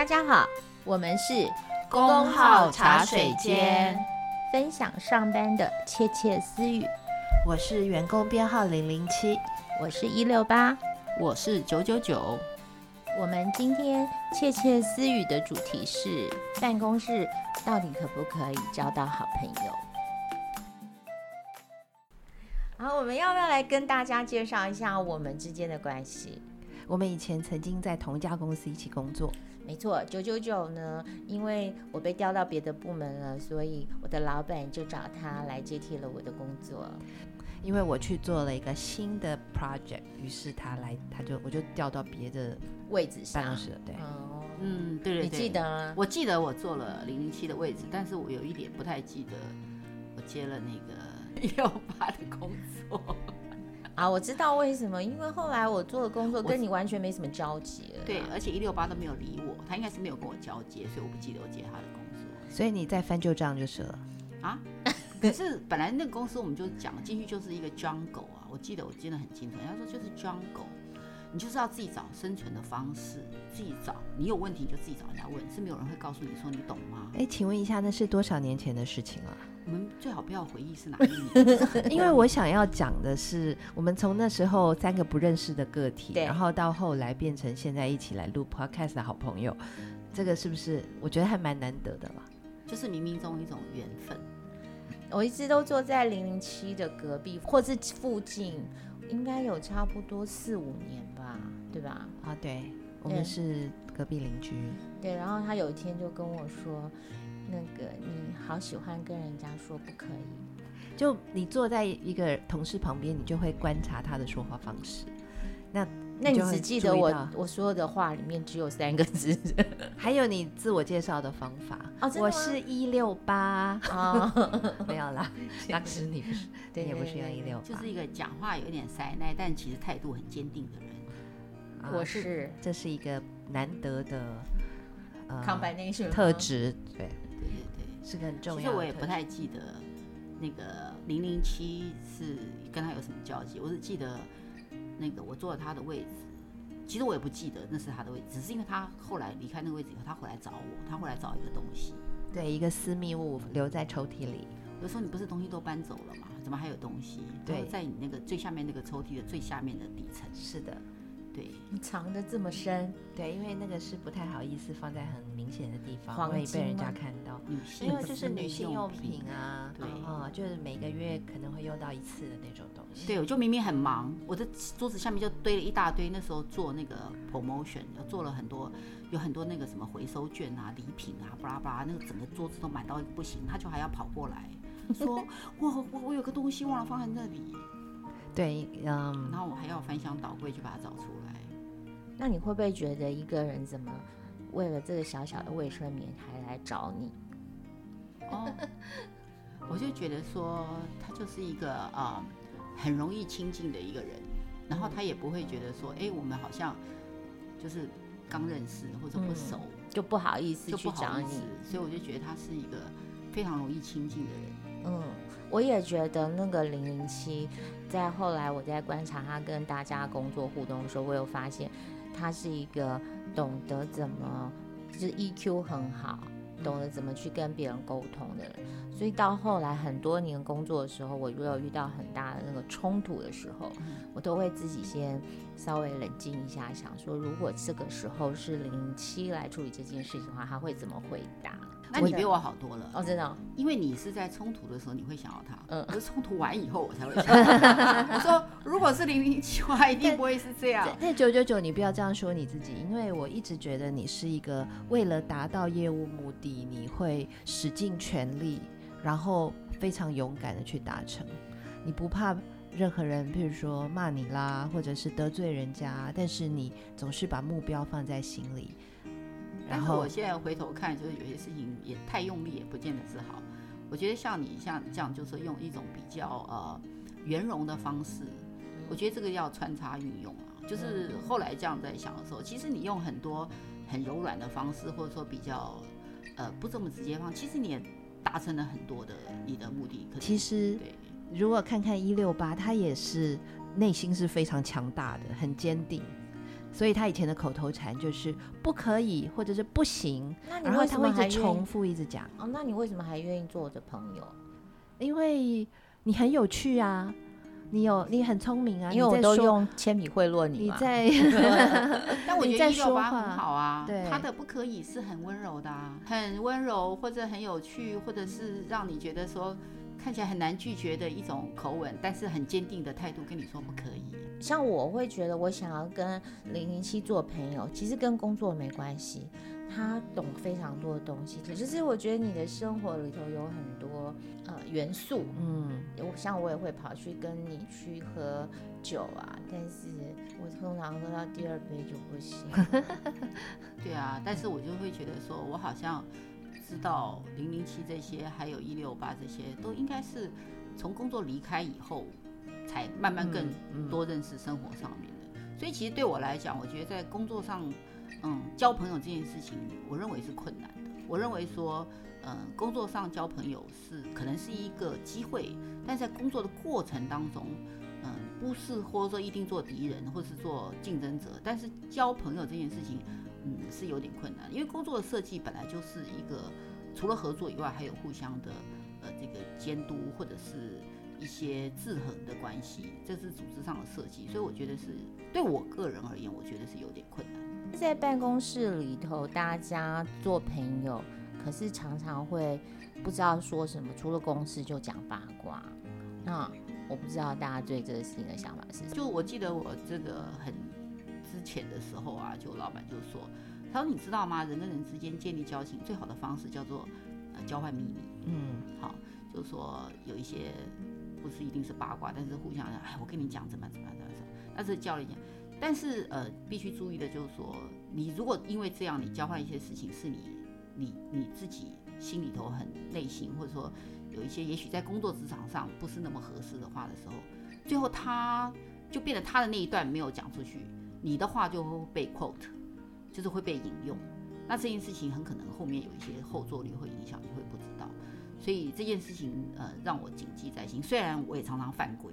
大家好，我們是工號茶水間分享上班的竊竊私語。我是員工編號零零七，我是一六八，我是九九九。我們今天竊竊私語的主題是辦公室到底可不可以交到好朋友？好，我們要不要來跟大家介紹一下我們之間的關係？我們以前曾經在同一家公司一起工作。沒錯，九九九呢？因為我被調到別的部門了，所以我的老板就找他來接替了我的工作。因為我去做了一個新的 project，於是他來，他就我就調到別的位置上，辦公室。對、哦，嗯，對，對，對，你記得？我記得我做了零零七的位置，但是我有一點不太記得，我接了那個六八的工作。啊，我知道為什麼，因為後來我做的工作跟你完全沒什麼交集了，啊。對，而且一六八都沒有理我，他應該是沒有跟我交接，所以我不記得我接他的工作。所以你再翻舊賬就是了。啊， 可是本來那個公司我們就講進去就是一個裝狗啊，我記得我記得很清楚，人家說就是 jungle，你就是要自己找生存的方式，自己找。你有問題你就自己找人家問，是沒有人會告訴你說你懂嗎？哎，欸，請問一下，那是多少年前的事情了，啊？我們最好不要回憶是哪一年， 因為我想要講的是，我們從那時候三個不認識的個體，然後到後來變成現在一起來錄 podcast 的好朋友，這個是不是我覺得還蠻難得的吧？就是冥冥中一種緣分。我一直都坐在零零七的隔壁，或是附近，應該有差不多四五年吧，對吧？啊，對，我們是隔壁鄰居對。對，然後他有一天就跟我說。那個你好喜歡跟人家說不可以，就你坐在一個同事旁邊，你就會觀察他的說話方式。那那你只記得我我說的話裡面只有三個字， 還有你自我介紹的方法。哦，我是一六八啊，不、哦、要 啦，當時你不是， 對，對，對，對也不是用一六八，就是一個講話有點塞，但其實態度很堅定的人。啊、我是，這是一個難得的、呃、特質。對對對，是個很重要的。其實我也不太記得，那個零零七是跟他有什麼交集？我是記得，那個我坐了他的位置。其實我也不記得那是他的位置，只是因為他後來離開那個位置以後，他回來找我，他回來找一個東西。對，一個私密物留在抽屜裡。有時候你不是東西都搬走了嗎？怎麼還有東西？對，在你那個最下面那個抽屜的最下面的底層。是的，對，你藏的這麼深。對，因為那個是不太好意思放在很明顯的地方，容易被人家看到。女性因為就是女性用品啊，品對啊、嗯，就是每個月可能會用到一次的那種東西。對，我就明明很忙，我的桌子下面就堆了一大堆，那時候做那個 promotion，做了很多，有很多那個什麼回收券啊、禮品啊，巴拉巴拉，那個整個桌子都滿到一個不行。他就還要跑過來說， 哇，我我有個東西忘了放在那裡。對，um, 嗯，然後我還要翻箱倒櫃去把它找出來。那你會不會覺得一個人怎麼為了這個小小的衛生棉還來找你？哦、 oh,，我就覺得說他就是一個呃、uh, 很容易親近的一個人，然後他也不會覺得說，哎、嗯，我們好像就是剛認識或者不熟，嗯、就不好意思去找你，所以我就覺得他是一個非常容易親近的人。嗯，我也覺得那個零零七，在後來我在觀察他跟大家工作互動的時候，我有發現他是一個懂得怎麼，就是 EQ 很好。懂得怎麼去跟別人溝通的人，所以到後來很多年工作的時候，我如果遇到很大的那個衝突的時候，我都會自己先。稍微冷靜一下，想說如果這個時候是零零七來處理這件事情的話，他會怎麼回答？那你比我好多了哦，真的哦，因為你是在衝突的時候，你會想到他，嗯，我衝突完以後我才會想要他。 我說如果是零零七的話，一定不會是這樣。那九九九，999，你不要這樣說你自己，因為我一直覺得你是一個為了達到業務目的，你會使盡全力，然後非常勇敢的去達成，你不怕。任何人，譬如說罵你啦，或者是得罪人家，但是你總是把目標放在心裡。然後我現在回頭看，就是有些事情也太用力，也不見得自豪。我覺得像你像你這樣，就是用一種比較呃圓融的方式，我覺得這個要穿插運用啊。就是後來這樣在想的時候，其實你用很多很柔軟的方式，或者說比較呃不這麼直接方，其實你也達成了很多的你的目的。可其實對如果看看一六八，他也是內心是非常強大的，很堅定，所以他以前的口頭禪就是不可以或者是不行。那你為什麼會一直重複一直講哦？那你為什麼還願意做我的朋友？因為你很有趣啊，你有你很聰明啊，因為我都用鉛筆賄賂你嘛。在 但我覺得一六八很好啊，對，他的不可以是很溫柔的啊，很溫柔或者很有趣，或者是讓你覺得說。看起來很難拒絕的一種口吻，但是很堅定的態度跟你說不可以。像我會覺得，我想要跟零零七做朋友，其實跟工作沒關係。他懂非常多的東西，可是我覺得你的生活裡頭有很多、呃、元素。嗯，像我也會跑去跟你去喝酒啊，但是我通常喝到第二杯就不行。 對啊，但是我就會覺得說我好像。知道零零七這些，還有一六八這些，都應該是從工作離開以後，才慢慢更多認識生活上面的。所以其實對我來講，我覺得在工作上，嗯，交朋友這件事情，我認為是困難的。我認為說，嗯、呃，工作上交朋友是可能是一個機會，但在工作的過程當中。忽視，或者說一定做敵人，或者是做競爭者，但是交朋友這件事情，嗯，是有點困難，因為工作的設計本來就是一個除了合作以外，還有互相的呃這個監督或者是一些制衡的關係，這是組織上的設計，所以我覺得是對我個人而言，我覺得是有點困難。在辦公室裡頭，大家做朋友，可是常常會不知道說什麼，除了公司就講八卦，那。我不知道大家對這個事情的想法是什麼，就我記得我這個很之前的時候啊，就老闆就說，他說你知道嗎？人跟人之間建立交情最好的方式叫做呃交換秘密，嗯，好，就說有一些不是一定是八卦，但是互相的哎，我跟你講怎麼怎麼怎麼怎麼，那是交流一下，但是呃必須注意的就是說，你如果因為這樣你交換一些事情是你你你自己心裡頭很內心，或者說。有一些也許在工作職場上不是那麼合適的話的時候，最後他就變得他的那一段沒有講出去，你的話就會被 quote，就是會被引用。那這件事情很可能後面有一些後坐力會影響，你會不知道。所以這件事情呃讓我謹記在心，雖然我也常常犯規，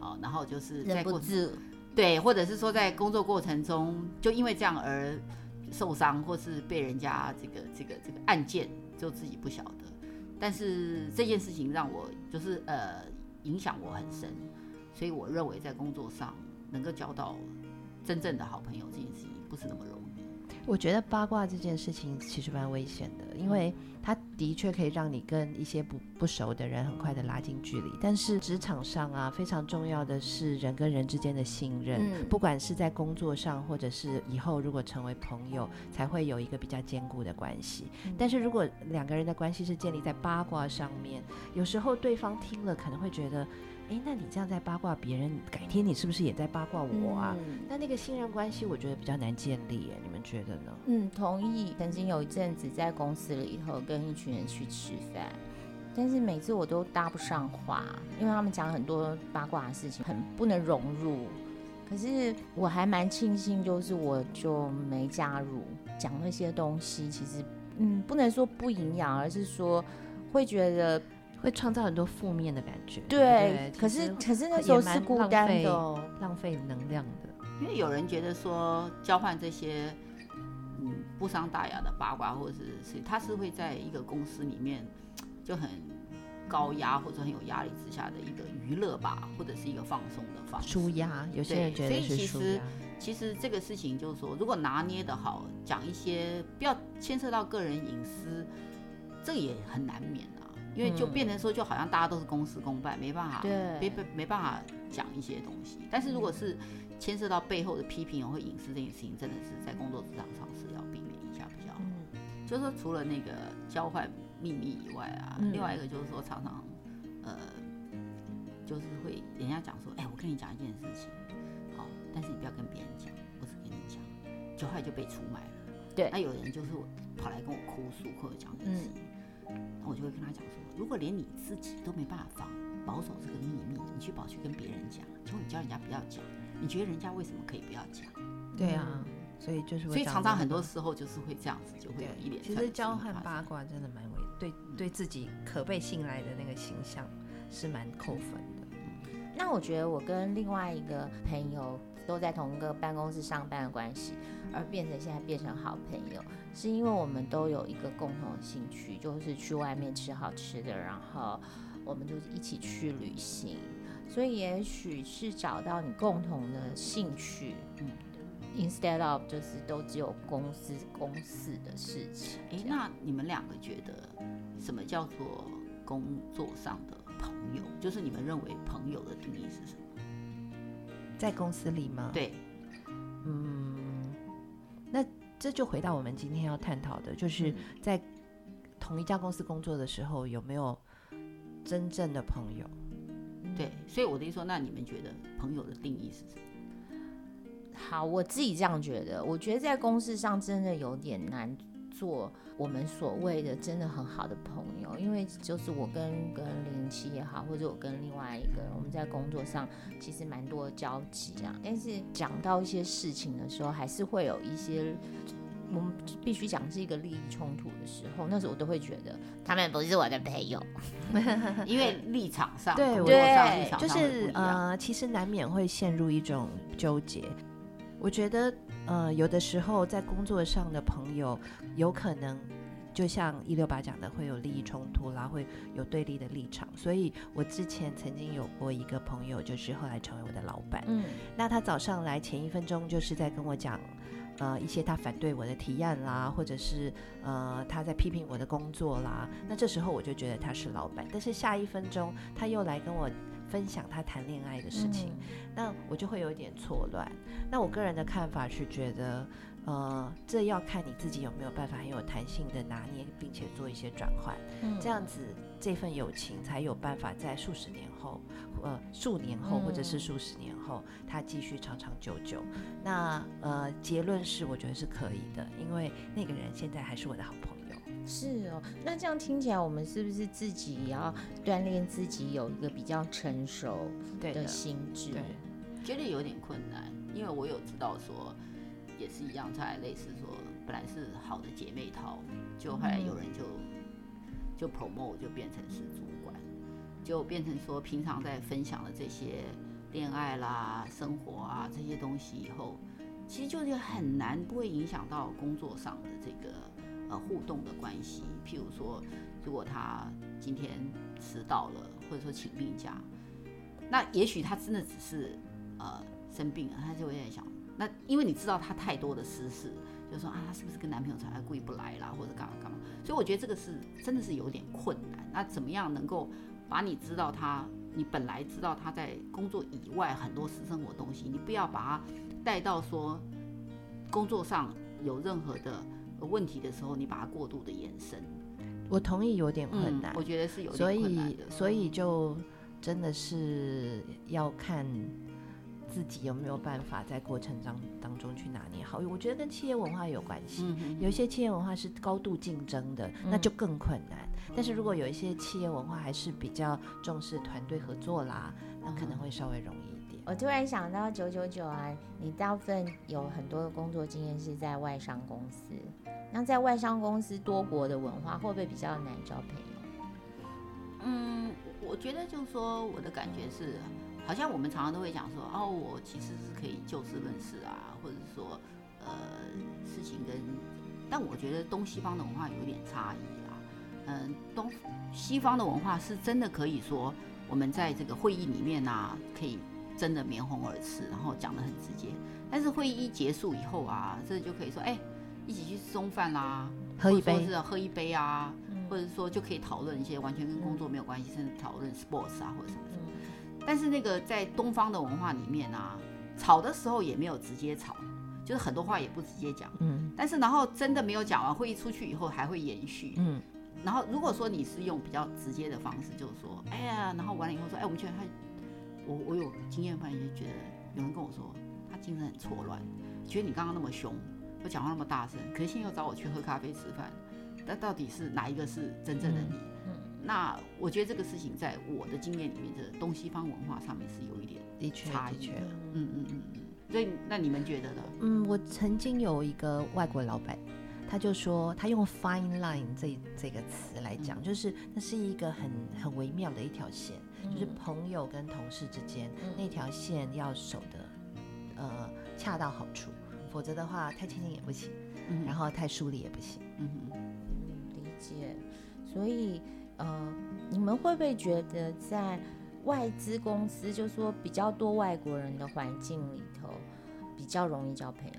好，然後就是在過程對，或者是說在工作過程中就因為這樣而受傷，或是被人家這個這個這個案件，就自己不曉得。但是這件事情讓我就是，呃，影響我很深，所以我認為在工作上能夠交到真正的好朋友這件事情不是那麼容易。我覺得八卦這件事情其實蠻危險的，因為、嗯。它的確可以讓你跟一些不不熟的人很快的拉近距離，但是職場上啊，非常重要的是人跟人之間的信任，不管是在工作上，或者是以後如果成為朋友，才會有一個比較堅固的關係。但是如果兩個人的關係是建立在八卦上面，有時候對方聽了可能會覺得，哎，那你這樣在八卦別人，改天你是不是也在八卦我啊、嗯？那那個信任關係，我覺得比較難建立。你們覺得呢？嗯，同意。曾經有一陣子在公司裡頭跟跟一群人去吃飯，但是每次我都搭不上話，因為他們講很多八卦的事情，很不能融入。可是我還蠻慶幸，就是我就沒加入講那些東西。其實，嗯，不能說不營養，而是說會覺得會創造很多負面的感覺。對，可是可是那時候是孤單的，也蠻浪費，浪費能量的。因為有人覺得說交換這些。.不傷大雅的八卦，或者是是，他是會在一個公司裡面就很高壓或者很有壓力之下的一個娛樂吧，或者是一個放鬆的方式。舒壓，有些人覺得是舒壓。所以其實其實這個事情就是說，如果拿捏得好，講一些不要牽涉到個人隱私，這也很難免啊。因為就變成說，就好像大家都是公事公辦，嗯，沒辦法，沒沒沒辦法講一些東西。但是如果是牽涉到背後的批評或隱私這件事情，真的是在工作職場上，上是要。就是說除了那個交換秘密以外啊，嗯、另外一個就是說，常常，呃，就是會人家講說，哎、欸，我跟你講一件事情，好，但是你不要跟別人講，我只跟你講，交換，就被出賣了。對、嗯，那有人就是我跑來跟我哭訴，或者講一件、嗯、我就會跟他講說，如果連你自己都沒辦法保守這個秘密，你去跑去跟別人講，結果，你叫人家不要講，你覺得人家為什麼可以不要講？嗯嗯、對啊。所以就是會，所以常常很多時候就是會這樣子就，就會有一點。其實交換八卦真的蠻為、嗯、對，對自己可被信賴的那個形象是蠻扣分的。那我覺得我跟另外一個朋友都在同一個辦公室上班的關係，而變成現在變成好朋友，是因為我們都有一個共同的興趣，就是去外面吃好吃的，然後我們就一起去旅行。所以也許是找到你共同的興趣，嗯。嗯 Instead of 就是都只有公司公司的事情。誒，那你們兩個覺得什麼叫做工作上的朋友？就是你們認為朋友的定義是什麼？在公司裡嗎？對。嗯。那這就回到我們今天要探討的，就是在同一家公司工作的時候，有沒有真正的朋友？嗯、對。所以我的意思說，那你們覺得朋友的定義是什麼？好，我自己這樣覺得，我覺得在公事上真的有點難做我們所謂的真的很好的朋友，因為就是我跟跟07也好，或者我跟另外一個，我們在工作上其實蠻多交集啊。但是講到一些事情的時候，還是會有一些我們必須講是一個利益衝突的時候，那時候我都會覺得他們不是我的朋友， 因為立場上對我立場上就是呃，其實難免會陷入一種糾結。我覺得，呃，有的時候在工作上的朋友，有可能，就像一六八講的，會有利益衝突啦，會有對立的立場。所以我之前曾經有過一個朋友，就是後來成為我的老闆。嗯，那他早上來前一分鐘就是在跟我講，呃，一些他反對我的提案啦，或者是，呃，他在批評我的工作啦。那這時候我就覺得他是老闆，但是下一分鐘他又來跟我。分享他談戀愛的事情，嗯，那我就會有一點錯亂。那我個人的看法是覺得，呃，這要看你自己有沒有辦法很有彈性的拿捏，並且做一些轉換，嗯、這樣子這份友情才有辦法在數十年後，呃，數年後、嗯、或者是數十年後，他繼續長長久久。那呃，結論是我覺得是可以的，因為那個人現在還是我的好朋友。是哦，那這樣聽起來，我們是不是自己也要鍛鍊自己，有一個比較成熟的心智？對的，對的，覺得有點困難，因為我有知道說，也是一樣，在類似說本來是好的姐妹淘，就後來有人就，嗯，就 promote 就變成是主管，就變成說平常在分享的這些戀愛啦、生活啊這些東西以後，其實就是很難不會影響到工作上的這個。呃，互動的關係，譬如說，如果他今天遲到了，或者說請病假，那也許他真的只是呃生病了，他就會在想，那因為你知道他太多的私事，就說啊，他是不是跟男朋友吵架，還故意不來啦，或者干嘛幹嘛。所以我覺得這個是真的是有點困難。那怎麼樣能夠把你知道他，你本來知道他在工作以外很多私生活東西，你不要把他帶到說工作上有任何的。問題的時候，你把它過度的延伸，我同意有點困難。嗯、我覺得是有點困難的，所以，所以就真的是要看自己有沒有辦法在過程當當中去拿捏好。我覺得跟企業文化有關係，嗯、哼哼有一些企業文化是高度競爭的、嗯，那就更困難。但是如果有一些企業文化還是比較重視團隊合作啦，那可能會稍微容易。我突然想到九九九啊！你大部分有很多的工作經驗是在外商公司，那在外商公司多國的文化會不會比較難交朋友？嗯，我覺得就是說，我的感覺是，好像我們常常都會講說，哦，我其實是可以就事論事啊，或者說，呃，事情跟……但我覺得東西方的文化有一點差異啦、啊。嗯、呃，東西方的文化是真的可以說，我們在這個會議裡面呢、啊，可以。真的面紅耳赤，然後講得很直接。但是會議一結束以後啊，這就可以說，哎、欸，一起去吃中飯啦，喝一杯，或者是喝一杯啊、嗯，或者說就可以討論一些完全跟工作沒有關係、嗯，甚至討論 sports 啊或者什麼什麼。但是那個在東方的文化裡面啊，吵的時候也沒有直接吵，就是很多話也不直接講。嗯。但是然後真的沒有講完，會議出去以後還會延續。嗯。然後如果說你是用比較直接的方式，就是說，哎呀，然後完了以後說，哎、欸，我們覺得他。我我有經驗，發現覺得有人跟我說，他精神很錯亂，覺得你剛剛那麼凶，我講話那麼大聲，可是現在又找我去喝咖啡吃飯，那到底是哪一個是真正的你，嗯嗯？那我覺得這個事情在我的經驗裡面，這東西方文化上面是有一點的差距。嗯嗯嗯嗯。所以那你們覺得呢？嗯，我曾經有一個外國老板，他就說他用 fine line 這這個詞來講，嗯，就是那是一個很很微妙的一條線。就是朋友跟同事之間、嗯、那條線要守得，呃，恰到好處，否則的話太親近也不行，然後太疏離也不行。嗯，嗯，理解。所以呃，你們會不會覺得在外資公司，就是說比較多外國人的環境裡頭，比較容易交朋友？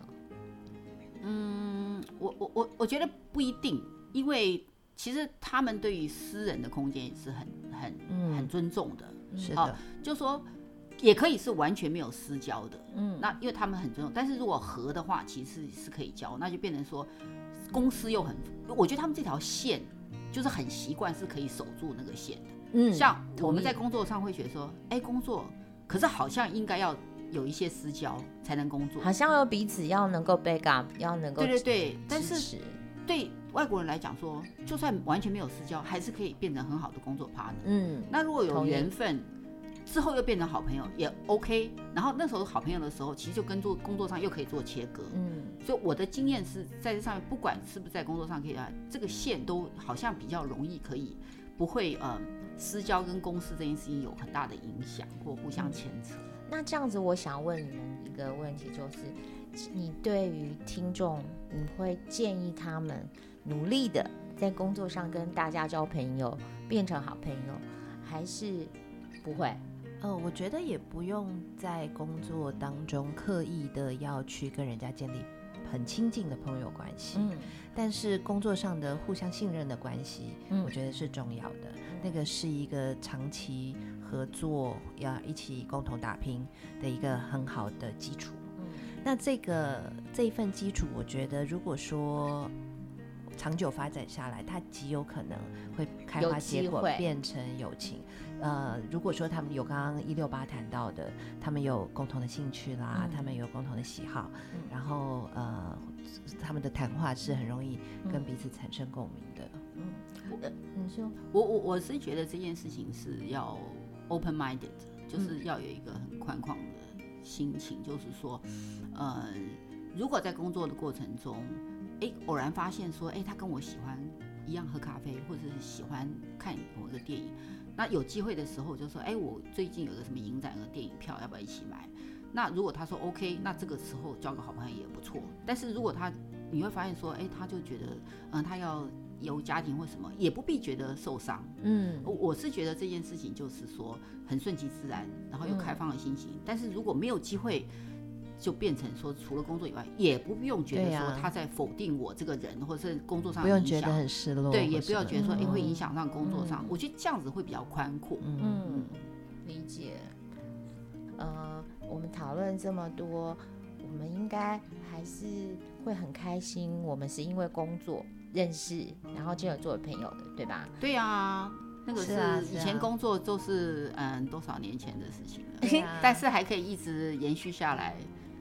嗯，我我我我覺得不一定，因為其實他們對於私人的空間也是很。很很尊重的，嗯、是的、哦，就說也可以是完全沒有私交的，嗯，那因為他們很尊重，但是如果合的話，其實是，是可以交，那就變成說公司又很，我覺得他們這條線就是很習慣是可以守住那個線的，嗯，像我們在工作上會覺得說，哎，工作可是好像應該要有一些私交才能工作，好像有彼此要能夠 back up 要能夠，對對對，但是對。外國人來講說，就算完全沒有私交，還是可以變成很好的工作 partner。嗯，那如果有緣分，之後又變成好朋友也 OK。然後那時候好朋友的時候，其實就跟做工作上又可以做切割。嗯，所以我的經驗是在這上面，不管是不是在工作上可以，這個線都好像比較容易可以，不會呃私交跟公司這件事情有很大的影響或互相牽扯，嗯。那這樣子，我想問你們一個問題，就是。你對於聽眾，你會建議他們努力的在工作上跟大家交朋友，變成好朋友，還是不會？呃，我覺得也不用在工作當中刻意的要去跟人家建立很親近的朋友關係。嗯。但是工作上的互相信任的關係，嗯。我覺得是重要的。嗯。那個是一個長期合作，要一起共同打拼的一個很好的基礎。那這個這一份基礎，我覺得如果說長久發展下來，它極有可能會開花結果，變成友情。呃，如果說他們有剛剛一六八談到的，他們有共同的興趣啦，嗯、他們有共同的喜好，嗯、然後呃，他們的談話是很容易跟彼此產生共鳴的。嗯，你說我我我是覺得這件事情是要 open minded，就是要有一個很寬廣的。嗯嗯心情就是說，呃，如果在工作的過程中，哎、欸，偶然發現說，哎、欸，他跟我喜歡一樣喝咖啡，或者是喜歡看某個電影，那有機會的時候就說，哎、欸，我最近有個什麼影展和電影票，要不要一起買？那如果他說 OK，那這個時候交個好朋友也不錯。但是如果他你會發現說，哎、欸，他就覺得，嗯，他要。有家庭或什麼，也不必覺得受傷。嗯，我是覺得這件事情就是說很順其自然，然後又開放了心情。嗯、但是如果沒有機會，就變成說除了工作以外，也不用覺得說他在否定我這個人，啊、或者是工作上的影響，不用覺得很失落。對，不也不要覺得說，哎、嗯欸，會影響上工作上、嗯。我覺得這樣子會比較寬闊、嗯。嗯，理解。呃，我們討論這麼多，我們應該還是會很開心。我們是因為工作，認識，然後就有作為朋友的，對吧？對啊，那個是以前工作都是，是啊、是啊、嗯多少年前的事情了， 但是還可以一直延續下來，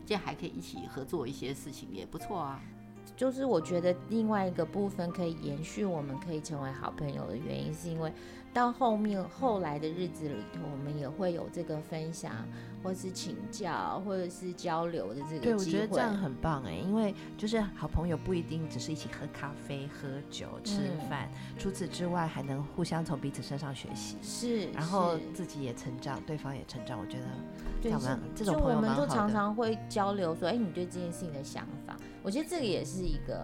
這還可以一起合作一些事情，也不錯啊。就是我覺得另外一個部分可以延續，我們可以成為好朋友的原因，是因為。到後面後來的日子裡頭，我們也會有這個分享，或是請教，或者是交流的這個機會。對，我覺得這樣很棒哎、欸，因為就是好朋友不一定只是一起喝咖啡、喝酒、吃飯、嗯，除此之外還能互相從彼此身上學習，是，然後自己也成長，對方也成長。我覺得，這樣嘛，這種朋友蠻好的。就我們就常常會交流說，哎、欸，你對這件事情的想法，我覺得這個也是一個，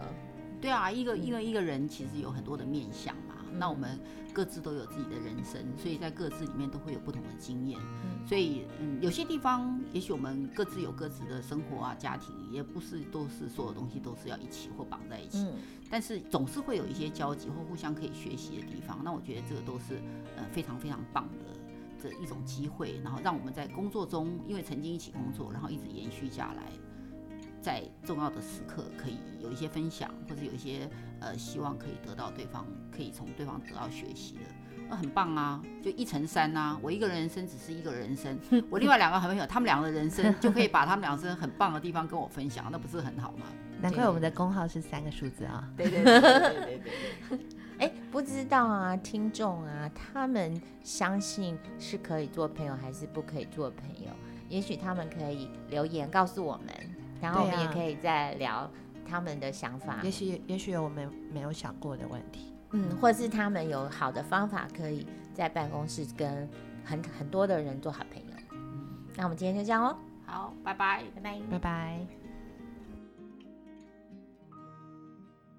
對啊，一個因為一,、嗯、一個人其實有很多的面相嘛。那我們各自都有自己的人生，所以在各自裡面都會有不同的經驗。嗯。所以，嗯，有些地方，也許我們各自有各自的生活啊，家庭，也不是都是所有東西都是要一起或綁在一起。嗯。但是總是會有一些交集或互相可以學習的地方。那我覺得這個都是呃非常非常棒的這一種機會，然後讓我們在工作中，因為曾經一起工作，然後一直延續下來。在重要的時刻，可以有一些分享，或者有一些呃，希望可以得到對方，可以從對方得到學習的，那、啊、很棒啊！就一乘三吶、啊，我一個人生只是一個人生，我另外兩個好朋友， 他們兩個人生就可以把他們兩個人生很棒的地方跟我分享， 那不是很好嗎？難怪我們的工號是三個數字啊、哦！ 對，對，對對對對對。哎、 欸，不知道啊，聽眾啊，他們相信是可以做朋友，還是不可以做朋友？也許他們可以留言告訴我們。然後我們也可以再聊他們的想法，啊，也許也許有我們沒有想過的問題，嗯，或是他們有好的方法，可以在辦公室跟很很多的人做好朋友，嗯。那我們今天就這樣哦。好，拜拜，拜拜，拜拜。拜拜。